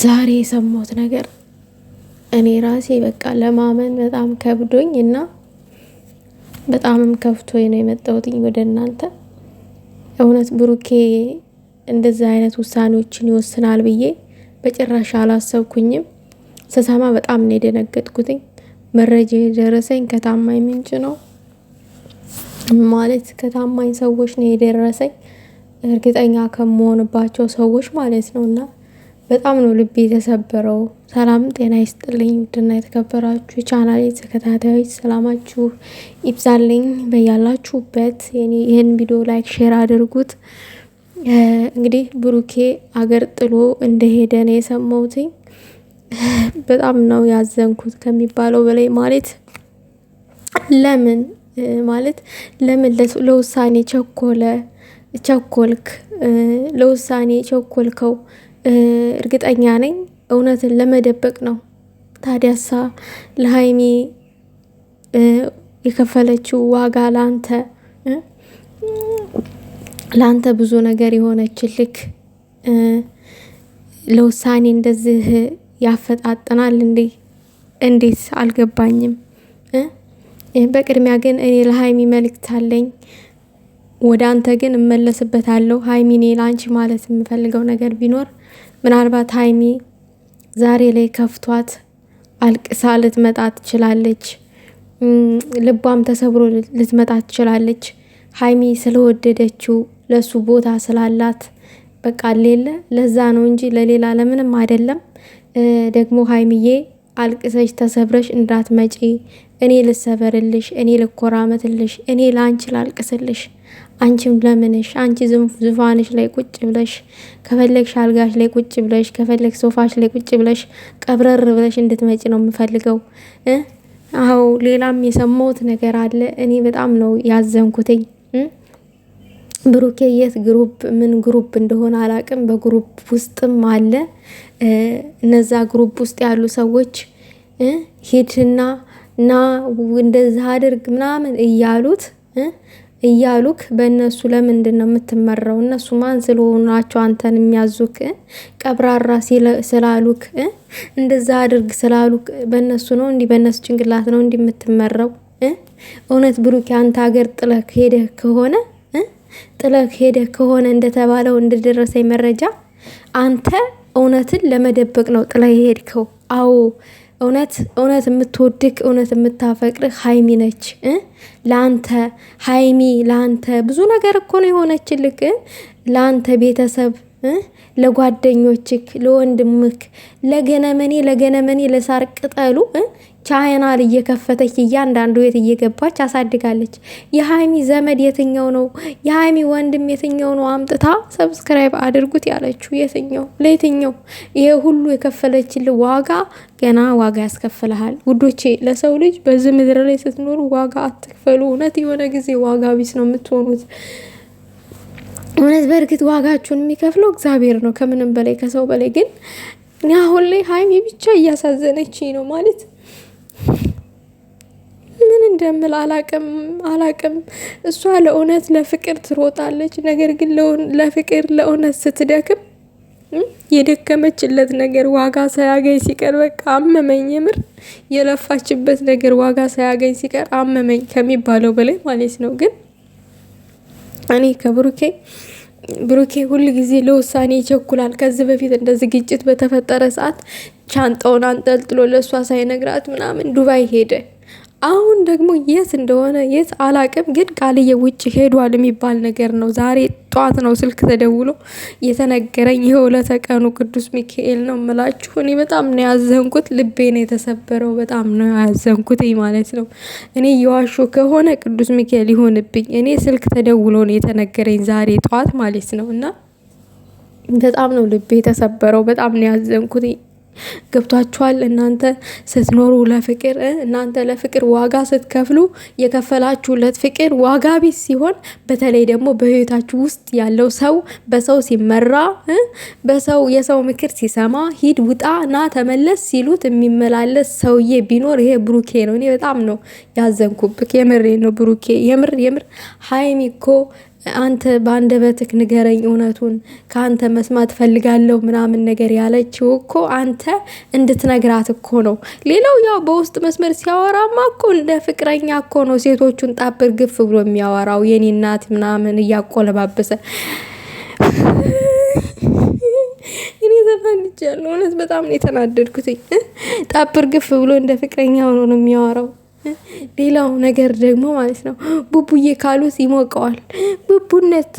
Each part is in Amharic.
ዛሬ የሰማሁት ነገር እኔ ራሴ በቃ ለማመን በጣም ከብዶኝ እና በጣምም ከፍቶ ነው የመጣሁትኝ ወደ እናንተ። እውነት ብሩኬ እንደዚህ አይነት ውሳኔዎችን ይወስናል ብዬ በጭራሽ አላሰብኩኝም። ስሰማ በጣም ነው የደነገጥኩትኝ። መረጃ የደረሰኝ ከታማኝ ምንጭ ነው ማለት ከታማኝ ሰዎች ነው የደረሰኝ እርግጠኛ ከመሆንባቸው ሰዎች ማለት ነው እና በጣም ነው ልቤ የተሰበረው። ሰላም ጤና ይስጥልኝ። ውድና የተከበራችሁ ቻናል ተከታታዮች ሰላማችሁ ይብዛልኝ በያላችሁበት። ይህን ቪዲዮ ላይክ፣ ሼር አድርጉት። እንግዲህ ብሩኬ አገር ጥሎ እንደሄደ ነው የሰማሁትኝ። በጣም ነው ያዘንኩት ከሚባለው በላይ ማለት ለምን ማለት ለምን ለውሳኔ ቸኮለ ቸኮልክ ለውሳኔ ቸኮልከው እርግጠኛ ነኝ እውነትን ለመደበቅ ነው። ታዲያሳ ለሀይሚ የከፈለችው ዋጋ ለአንተ ለአንተ ብዙ ነገር ልክ ለውሳኔ እንደዚህ ያፈጣጥናል እንዴ? እንዴት አልገባኝም። በቅድሚያ ግን እኔ ለሀይሚ መልእክት አለኝ። ወደ አንተ ግን እመለስበታለሁ። ሀይሚ እኔ ለአንቺ ማለት የምፈልገው ነገር ቢኖር ምናልባት ሀይሚ ዛሬ ላይ ከፍቷት አልቅሳ ልትመጣ ትችላለች። ልቧም ተሰብሮ ልትመጣ ትችላለች። ሀይሚ ስለወደደችው ለሱ ቦታ ስላላት በቃ ሌለ ለዛ ነው እንጂ ለሌላ ለምንም አይደለም። ደግሞ ሀይሚዬ አልቅሰሽ ተሰብረሽ እንዳትመጪ፣ እኔ ልሰበርልሽ፣ እኔ ልኮራመትልሽ፣ እኔ ለአንቺ ላልቅስልሽ አንቺም ለምንሽ አንቺ ዙፋንሽ ላይ ቁጭ ብለሽ ከፈለግሽ አልጋሽ ላይ ቁጭ ብለሽ ከፈለግ ሶፋሽ ላይ ቁጭ ብለሽ ቀብረር ብለሽ እንድትመጪ ነው የምፈልገው። አዎ ሌላም የሰማሁት ነገር አለ። እኔ በጣም ነው ያዘንኩትኝ። ብሩኬ የት ግሩፕ ምን ግሩፕ እንደሆነ አላቅም። በግሩፕ ውስጥም አለ። እነዛ ግሩፕ ውስጥ ያሉ ሰዎች ሂድና ና እንደዚህ አድርግ ምናምን እያሉት እያሉክ በእነሱ ለምንድን ነው የምትመራው? እነሱ ማን ስለሆናቸው አንተን የሚያዙክ? ቀብራራ ስላሉክ፣ እንደዛ አድርግ ስላሉክ በእነሱ ነው እንዲህ በእነሱ ጭንቅላት ነው እንዲህ የምትመራው? እውነት ብሩክ አንተ ሀገር ጥለህ ሄደህ ከሆነ ጥለህ ሄደህ ከሆነ እንደተባለው እንደደረሰኝ መረጃ አንተ እውነትን ለመደበቅ ነው ጥለህ ሄድከው። አዎ እውነት እውነት የምትወድክ እውነት የምታፈቅርህ ሀይሚ ነች። ለአንተ ሀይሚ ለአንተ ብዙ ነገር እኮ ነው የሆነችልክ ለአንተ ቤተሰብ ለጓደኞችክ፣ ለወንድምክ፣ ለገነመኔ ለገነመኔ ለሳር ቅጠሉ ቻይናል እየከፈተች እያንዳንዱ ቤት እየገባች አሳድጋለች። የሀይሚ ዘመድ የትኛው ነው? የሀይሚ ወንድም የትኛው ነው? አምጥታ ሰብስክራይብ አድርጉት ያለችው የትኛው ለየትኛው? ይሄ ሁሉ የከፈለችል ዋጋ ገና ዋጋ ያስከፍልሃል ውዶቼ። ለሰው ልጅ በዚህ ምድር ላይ ስትኖሩ ዋጋ አትክፈሉ። እውነት የሆነ ጊዜ ዋጋ ቢስ ነው የምትሆኑት። እውነት በእርግጥ ዋጋችሁን የሚከፍለው እግዚአብሔር ነው ከምንም በላይ ከሰው በላይ ግን እኔ አሁን ላይ ሀይሚ ብቻ እያሳዘነች ነው ማለት ምን እንደምል አላቅም አላቅም። እሷ ለእውነት ለፍቅር ትሮጣለች። ነገር ግን ለፍቅር ለእውነት ስትደክም የደከመችለት ነገር ዋጋ ሳያገኝ ሲቀር በቃ አመመኝ። የምር የለፋችበት ነገር ዋጋ ሳያገኝ ሲቀር አመመኝ ከሚባለው በላይ ማለት ነው ግን እኔ ከብሩኬ ብሩኬ ሁል ጊዜ ለውሳኔ ይቸኩላል። ከዚህ በፊት እንደዚህ ግጭት በተፈጠረ ሰዓት ሻንጣውን አንጠልጥሎ ለእሷ ሳይነግራት ምናምን ዱባይ ሄደ። አሁን ደግሞ የት እንደሆነ የት አላቅም፣ ግን ቃልዬ ውጭ ሄዷል የሚባል ነገር ነው። ዛሬ ጠዋት ነው ስልክ ተደውሎ የተነገረኝ። የሁለተ ቀኑ ቅዱስ ሚካኤል ነው ምላችሁ። እኔ በጣም ነው ያዘንኩት፣ ልቤ ነው የተሰበረው። በጣም ነው ያዘንኩት ማለት ነው። እኔ የዋሾ ከሆነ ቅዱስ ሚካኤል ይሆንብኝ። እኔ ስልክ ተደውሎ ነው የተነገረኝ ዛሬ ጠዋት ማለት ነው። እና በጣም ነው ልቤ የተሰበረው። በጣም ነው ያዘንኩት። ገብቷችኋል? እናንተ ስትኖሩ ለፍቅር እናንተ ለፍቅር ዋጋ ስትከፍሉ የከፈላችሁለት ፍቅር ዋጋ ቢስ ሲሆን፣ በተለይ ደግሞ በህይወታችሁ ውስጥ ያለው ሰው በሰው ሲመራ በሰው የሰው ምክር ሲሰማ ሂድ፣ ውጣ፣ ና፣ ተመለስ ሲሉት የሚመላለስ ሰውዬ ቢኖር ይሄ ብሩኬ ነው። እኔ በጣም ነው ያዘንኩብክ። የምሬ ነው ብሩኬ። የምር የምር ሀይሚ እኮ አንተ በአንደበትህ ንገረኝ እውነቱን ከአንተ መስማት ፈልጋለሁ ምናምን ነገር ያለችው እኮ አንተ እንድትነግራት እኮ ነው። ሌላው ያው በውስጥ መስመር ሲያወራማ እኮ እንደ ፍቅረኛ እኮ ነው ሴቶቹን ጣብር ግፍ ብሎ የሚያወራው የኔ እናት ምናምን እያቆለባበሰ እኔ ተናድጃለሁ። እውነት በጣም ነው የተናደድኩት። ጣብር ግፍ ብሎ እንደ ፍቅረኛ ሆኖ ነው የሚያወራው። ሌላው ነገር ደግሞ ማለት ነው ቡቡዬ ካሉት ይሞቀዋል። ቡቡነት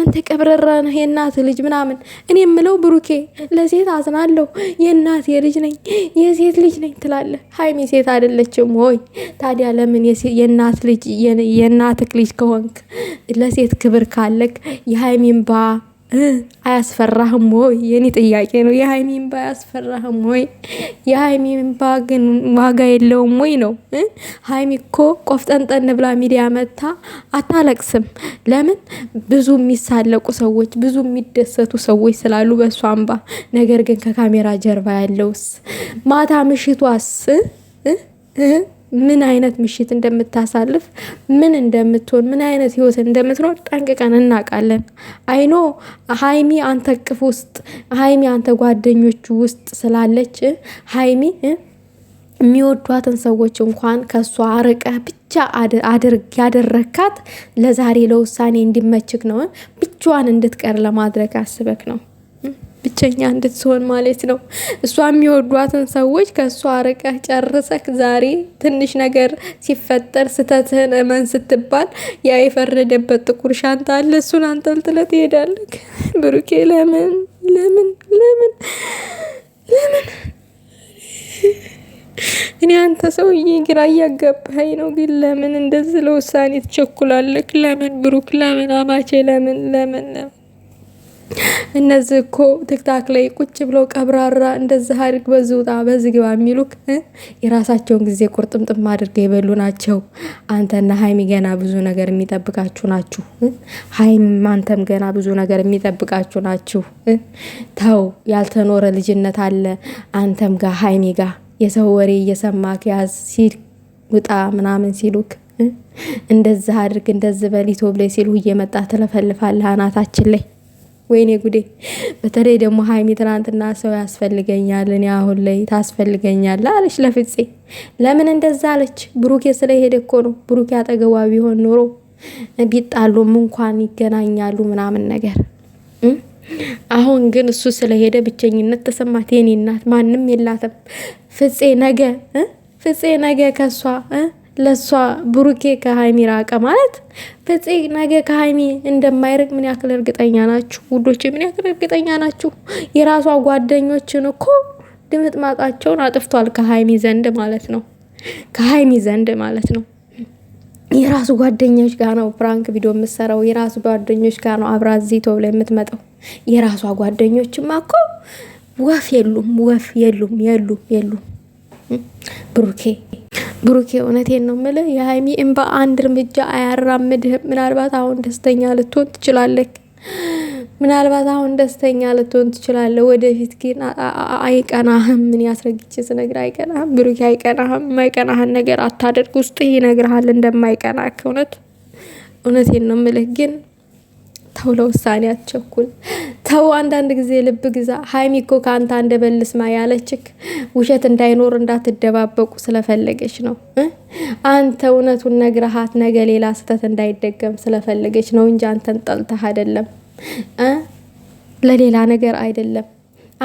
አንተ ቀብረራ ነህ የእናት ልጅ ምናምን። እኔ የምለው ብሩኬ ለሴት አዝናለሁ፣ የእናት የልጅ ነኝ የሴት ልጅ ነኝ ትላለህ። ሀይሚ ሴት አይደለችም ወይ? ታዲያ ለምን የእናት ልጅ የእናትክ ልጅ ከሆንክ ለሴት ክብር ካለክ የሀይሚን ባ አያስፈራህም ወይ? የኔ ጥያቄ ነው። የሀይሚ እምባ አያስፈራህም ወይ? የሀይሚ እምባ ግን ዋጋ የለውም ወይ ነው። ሀይሚ እኮ ቆፍጠንጠን ብላ ሚዲያ መታ አታለቅስም። ለምን? ብዙ የሚሳለቁ ሰዎች፣ ብዙ የሚደሰቱ ሰዎች ስላሉ በእሷ እምባ። ነገር ግን ከካሜራ ጀርባ ያለውስ ማታ ምሽቷስ ምን አይነት ምሽት እንደምታሳልፍ ምን እንደምትሆን ምን አይነት ህይወት እንደምትኖር ጠንቅቀን እናውቃለን። አይኖ ሀይሚ አንተ ቅፍ ውስጥ ሀይሚ አንተ ጓደኞቹ ውስጥ ስላለች ሀይሚ የሚወዷትን ሰዎች እንኳን ከእሷ አርቀ ብቻ ያደረካት ለዛሬ ለውሳኔ እንዲመችክ ነው። ብቻዋን እንድትቀር ለማድረግ አስበክ ነው። ብቸኛ እንድትሆን ማለት ነው። እሷ የሚወዷትን ሰዎች ከእሷ ርቀህ ጨርሰህ ዛሬ ትንሽ ነገር ሲፈጠር ስተትህን እመን ስትባል ያ የፈረደበት ጥቁር ሻንጣ አለ። እሱን አንጠልጥለ ትሄዳለህ። ብሩኬ ለምን ለምን ለምን ለምን? እኔ አንተ ሰውዬ ግራ እያጋባኸኝ ነው። ግን ለምን እንደዚህ ለውሳኔ ትቸኩላለህ? ለምን ብሩክ? ለምን አማቼ? ለምን ለምን ለምን እነዚህ እኮ ትክታክ ላይ ቁጭ ብለው ቀብራራ እንደዚህ አድርግ በዚህ ውጣ የሚሉክ የራሳቸውን ጊዜ ቁርጥምጥም አድርገው የበሉ ናቸው። አንተና ሀይሚ ገና ብዙ ነገር የሚጠብቃችሁ ናችሁ። ሀይሚ አንተም ገና ብዙ ነገር የሚጠብቃችሁ ናችሁ። ተው ያልተኖረ ልጅነት አለ አንተም ጋ ሀይሚ ጋ የሰው ወሬ እየሰማክ ያዝ ሲል ውጣ ምናምን ሲሉክ እንደዚህ አድርግ እንደዚህ በሊቶ ብለ ሲሉ እየመጣ ትለፈልፋለህ አናታችን ላይ ወይኔ ጉዴ! በተለይ ደግሞ ሀይሚ ትናንትና ሰው ያስፈልገኛል፣ እኔ አሁን ላይ ታስፈልገኛል አለች ለፍፄ። ለምን እንደዛ አለች? ብሩኬ ስለሄደ እኮ ነው። ብሩኬ አጠገቧ ቢሆን ኖሮ ቢጣሉም እንኳን ይገናኛሉ ምናምን ነገር። አሁን ግን እሱ ስለሄደ ብቸኝነት ተሰማት። የኔ እናት ማንም የላትም። ፍፄ ነገ ፍፄ ነገ ከሷ ለእሷ ብሩኬ ከሀይሚ ራቀ ማለት ፍፄ ነገ ከሀይሚ እንደማይርቅ ምን ያክል እርግጠኛ ናችሁ ውዶች? ምን ያክል እርግጠኛ ናችሁ? የራሷ ጓደኞችን እኮ ድምጥ ማጣቸውን አጥፍቷል። ከሀይሚ ዘንድ ማለት ነው። ከሀይሚ ዘንድ ማለት ነው። የራሱ ጓደኞች ጋር ነው ፕራንክ ቪዲዮ የምትሰራው። የራሱ ጓደኞች ጋር ነው አብራ እዚህ ተብሎ የምትመጣው። የራሷ ጓደኞችማ እኮ ወፍ የሉም፣ ወፍ የሉም፣ የሉም፣ የሉም ብሩኬ ብሩኬ እውነቴን ነው ምል የሀይሚ እምባ አንድ እርምጃ አያራምድህም። ምናልባት አሁን ደስተኛ ልትሆን ትችላለህ። ምናልባት አሁን ደስተኛ ልትሆን ትችላለህ። ወደፊት ግን አይቀናህም። ምን ያስረግቼ ስነግርህ አይቀናህም። ብሩኬ አይቀናህም። የማይቀናህን ነገር አታደርግ። ውስጥ ይነግርሃል እንደማይቀናህ እውነት እውነቴን ነው ምልህ ግን ተው፣ ለውሳኔ አትቸኩል። ተው፣ አንዳንድ ጊዜ ልብ ግዛ። ሀይሚ እኮ ከአንተ አንደበልስ ማ ያለችክ ውሸት እንዳይኖር እንዳትደባበቁ ስለፈለገች ነው። አንተ እውነቱን ነግረሃት ነገ ሌላ ስህተት እንዳይደገም ስለፈለገች ነው እንጂ አንተን ጠልተህ አይደለም፣ ለሌላ ነገር አይደለም።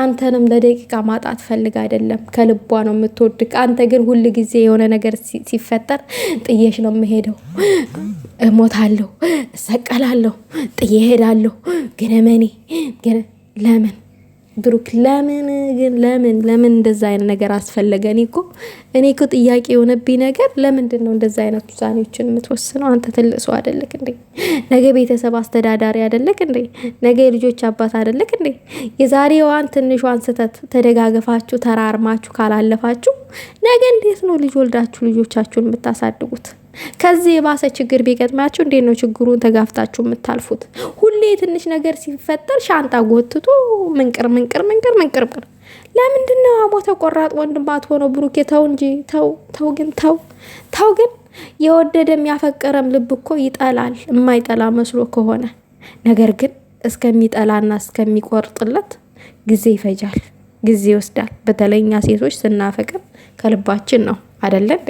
አንተንም ለደቂቃ ማጣት ፈልግ አይደለም፣ ከልቧ ነው የምትወድቅ። አንተ ግን ሁል ጊዜ የሆነ ነገር ሲፈጠር ጥየሽ ነው የምሄደው እሞታለሁ፣ እሰቀላለሁ፣ ጥዬ እሄዳለሁ። ግን መኔ ግን ለምን ብሩክ ለምን ግን ለምን ለምን እንደዛ አይነት ነገር አስፈለገ? እኔ እኮ እኔ እኮ ጥያቄ የሆነብኝ ነገር ለምንድን ነው እንደዛ አይነት ውሳኔዎችን የምትወስነው? አንተ ትልቅ ሰው አደለክ እንዴ? ነገ ቤተሰብ አስተዳዳሪ አደለክ እንዴ? ነገ የልጆች አባት አደለክ እንዴ? የዛሬዋን ትንሿን ስህተት ተደጋግፋችሁ ተራርማችሁ ካላለፋችሁ ነገ እንዴት ነው ልጅ ወልዳችሁ ልጆቻችሁን የምታሳድጉት? ከዚህ የባሰ ችግር ቢገጥማችሁ እንዴት ነው ችግሩን ተጋፍታችሁ የምታልፉት? ሁሌ ትንሽ ነገር ሲፈጠር ሻንጣ ጎትቶ ምንቅር ምንቅር ምንቅር ምንቅር ምንቅር። ለምንድን ነው አሞ ተቆራጥ ወንድም ባትሆነው ብሩኬ? ተው እንጂ ተው ተው፣ ግን ተው ተው ግን የወደደም ያፈቀረም ልብ እኮ ይጠላል፣ የማይጠላ መስሎ ከሆነ ነገር ግን እስከሚጠላና እስከሚቆርጥለት ጊዜ ይፈጃል፣ ጊዜ ይወስዳል። በተለይ እኛ ሴቶች ስናፈቅር ከልባችን ነው አደለን?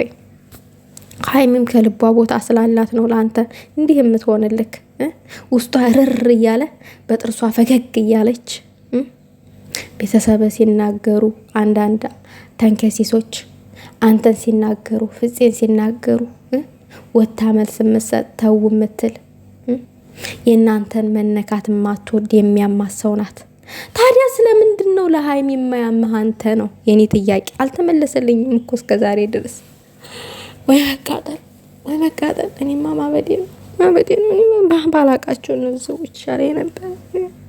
ሀይሚም ከልቧ ቦታ ስላላት ነው ለአንተ እንዲህ የምትሆንልክ። ውስጧ ርር እያለ በጥርሷ ፈገግ እያለች ቤተሰብ ሲናገሩ አንዳንድ ተንከሲሶች አንተን ሲናገሩ ፍፄን ሲናገሩ ወታ መልስ የምትሰጥ ተው የምትል የእናንተን መነካት የማትወድ የሚያማሰው ናት። ታዲያ ስለምንድን ነው ለሀይሚ የማያምህ አንተ? ነው የኔ ጥያቄ። አልተመለሰልኝም እኮ እስከዛሬ ድረስ። ወይ መቃጠል ወይ መቃጠል። እኔማ ማበዴ ነው ማበዴ ነው። ባላቃቸው ነው ሰዎች ይሻለኝ ነበር።